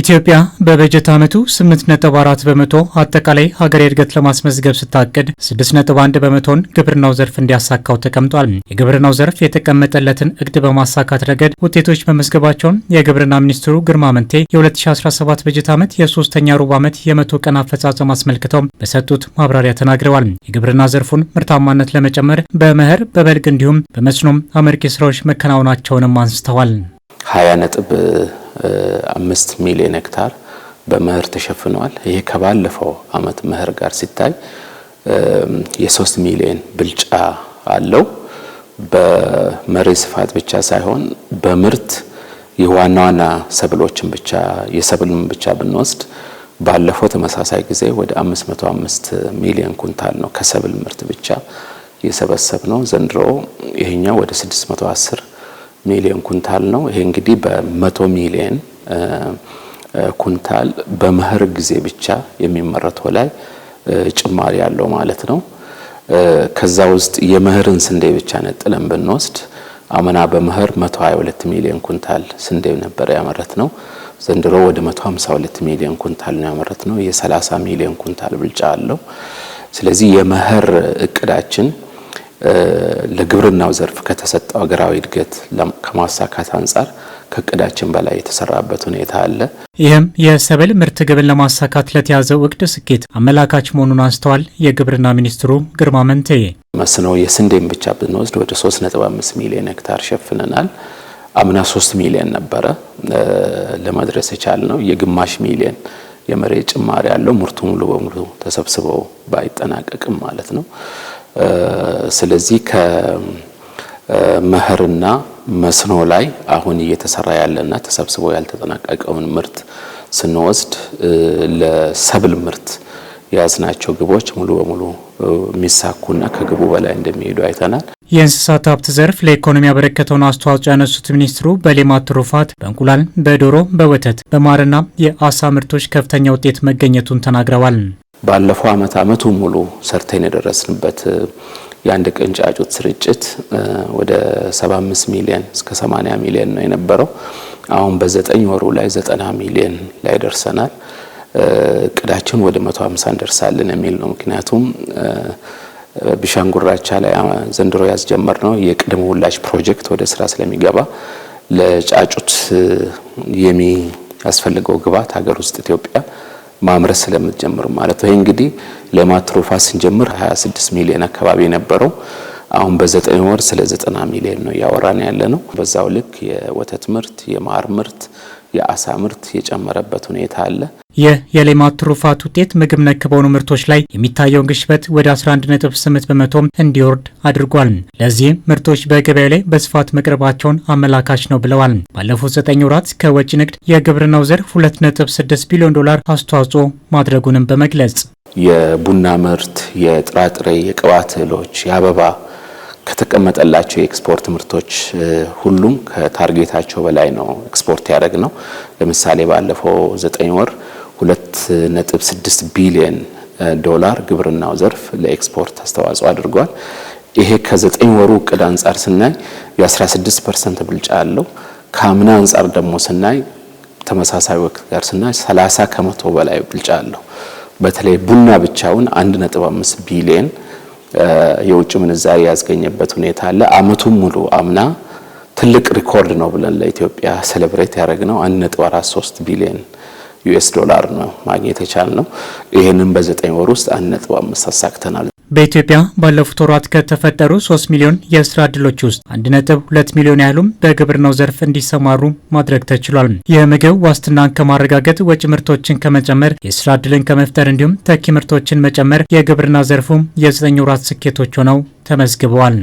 ኢትዮጵያ በበጀት ዓመቱ 8.4 በመቶ አጠቃላይ ሀገራዊ እድገት ለማስመዝገብ ስታቅድ 6.1 በመቶን ግብርናው ዘርፍ እንዲያሳካው ተቀምጧል። የግብርናው ዘርፍ የተቀመጠለትን እቅድ በማሳካት ረገድ ውጤቶች መመዝገባቸውን የግብርና ሚኒስትሩ ግርማ መንቴ የ2017 በጀት ዓመት የሶስተኛ ሩብ ዓመት የመቶ ቀን አፈጻጸም አስመልክተው በሰጡት ማብራሪያ ተናግረዋል። የግብርና ዘርፉን ምርታማነት ለመጨመር በመኸር በበልግ እንዲሁም በመስኖም አመርቂ ስራዎች መከናወናቸውንም አንስተዋል። 20 ነጥብ አምስት ሚሊዮን ሄክታር በመኸር ተሸፍኗል። ይሄ ከባለፈው አመት መኸር ጋር ሲታይ የሶስት ሚሊዮን ብልጫ አለው። በመሬት ስፋት ብቻ ሳይሆን በምርት የዋና ዋና ሰብሎችን ብቻ የሰብልን ብቻ ብንወስድ ባለፈው ተመሳሳይ ጊዜ ወደ 505 ሚሊዮን ኩንታል ነው ከሰብል ምርት ብቻ የሰበሰብ ነው። ዘንድሮ ይሄኛው ወደ 610 ሚሊዮን ኩንታል ነው። ይሄ እንግዲህ በመቶ ሚሊዮን ኩንታል በመኸር ጊዜ ብቻ የሚመረተው ላይ ጭማሪ ያለው ማለት ነው። ከዛ ውስጥ የመኸርን ስንዴ ብቻ ነጥለን ብንወስድ አምና በመኸር 122 ሚሊዮን ኩንታል ስንዴ ነበር ያመረት ነው። ዘንድሮ ወደ 152 ሚሊዮን ኩንታል ነው ያመረት ነው። የ30 ሚሊዮን ኩንታል ብልጫ አለው። ስለዚህ የመኸር እቅዳችን ለግብርናው ዘርፍ ከተሰጠው ሀገራዊ እድገት ከማሳካት አንጻር ከእቅዳችን በላይ የተሰራበት ሁኔታ አለ። ይህም የሰብል ምርት ግብን ለማሳካት ለተያዘው እቅድ ስኬት አመላካች መሆኑን አስተዋል የግብርና ሚኒስትሩ ግርማ መንቴዬ። መስኖ የስንዴን ብቻ ብንወስድ ወደ 3.5 ሚሊዮን ሄክታር ሸፍነናል። አምና 3 ሚሊዮን ነበረ ለመድረስ የቻልነው። የግማሽ ሚሊዮን የመሬት ጭማሪ ያለው ምርቱ ሙሉ በሙሉ ተሰብስበው ባይጠናቀቅም ማለት ነው። ስለዚህ ከመኸርና መስኖ ላይ አሁን እየተሰራ ያለና ተሰብስቦ ያልተጠናቀቀውን ምርት ስንወስድ ለሰብል ምርት የያዝናቸው ግቦች ሙሉ በሙሉ የሚሳኩና ከግቡ በላይ እንደሚሄዱ አይተናል። የእንስሳት ሀብት ዘርፍ ለኢኮኖሚ ያበረከተውን አስተዋጽኦ ያነሱት ሚኒስትሩ በሌማት ትሩፋት፣ በእንቁላል፣ በዶሮ፣ በወተት፣ በማርና የአሳ ምርቶች ከፍተኛ ውጤት መገኘቱን ተናግረዋል። ባለፈው አመት አመቱ ሙሉ ሰርተን የደረስንበት የአንድ ቀን ጫጩት ስርጭት ወደ 75 ሚሊዮን እስከ 80 ሚሊዮን ነው የነበረው። አሁን በዘጠኝ ወሩ ላይ 90 ሚሊዮን ላይ ደርሰናል። እቅዳችን ወደ 150 እንደርሳለን የሚል ነው። ምክንያቱም ቢሻንጉራቻ ላይ ዘንድሮ ያስጀመር ነው የቅድመ ውላጅ ፕሮጀክት ወደ ስራ ስለሚገባ ለጫጩት የሚያስፈልገው ግብዓት ሀገር ውስጥ ኢትዮጵያ ማምረት ስለምትጀምር ማለት ነው። ይህ እንግዲህ ሌማት ትሩፋት ስንጀምር 26 ሚሊዮን አካባቢ የነበረው አሁን በዘጠኝ ወር ስለ 90 ሚሊዮን ነው እያወራን ያለ ነው። በዛው ልክ የወተት ምርት፣ የማር ምርት የአሳ ምርት የጨመረበት ሁኔታ አለ። ይህ የሌማት ትሩፋት ውጤት ምግብ ነክ በሆኑ ምርቶች ላይ የሚታየውን ግሽበት ወደ 11.8 በመቶም እንዲወርድ አድርጓል። ለዚህም ምርቶች በገበያ ላይ በስፋት መቅረባቸውን አመላካች ነው ብለዋል። ባለፉት 9 ወራት ከወጪ ንግድ የግብርናው ዘርፍ 2.6 ቢሊዮን ዶላር አስተዋጽኦ ማድረጉንም በመግለጽ የቡና ምርት፣ የጥራጥሬ፣ የቅባት እህሎች፣ የአበባ ከተቀመጠላቸው የኤክስፖርት ምርቶች ሁሉም ከታርጌታቸው በላይ ነው ኤክስፖርት ያደረግ ነው። ለምሳሌ ባለፈው ዘጠኝ ወር ሁለት ነጥብ ስድስት ቢሊየን ዶላር ግብርናው ዘርፍ ለኤክስፖርት አስተዋጽኦ አድርጓል። ይሄ ከዘጠኝ ወሩ እቅድ አንጻር ስናይ የ16 ፐርሰንት ብልጫ አለው። ከአምና አንጻር ደግሞ ስናይ ተመሳሳይ ወቅት ጋር ስናይ 30 ከመቶ በላይ ብልጫ አለው። በተለይ ቡና ብቻውን 1.5 ቢሊየን የውጭ ምንዛሪ ያስገኘበት ሁኔታ አለ። አመቱን ሙሉ አምና ትልቅ ሪኮርድ ነው ብለን ለኢትዮጵያ ሴሌብሬት ያደረግነው 1.43 ቢሊዮን ዩኤስ ዶላር ነው ማግኘት የቻልነው። ይህንን በዘጠኝ ወር ውስጥ 1.5 አሳክተናል። በኢትዮጵያ ባለፉት ወራት ከተፈጠሩ 3 ሚሊዮን የስራ ዕድሎች ውስጥ 1.2 ሚሊዮን ያህሉም በግብርናው ዘርፍ እንዲሰማሩ ማድረግ ተችሏል። የምግብ ዋስትናን ከማረጋገጥ ወጪ ምርቶችን ከመጨመር የስራ ዕድልን ከመፍጠር እንዲሁም ተኪ ምርቶችን መጨመር የግብርና ዘርፉ የ9 ወራት ስኬቶች ሆነው ተመዝግበዋል።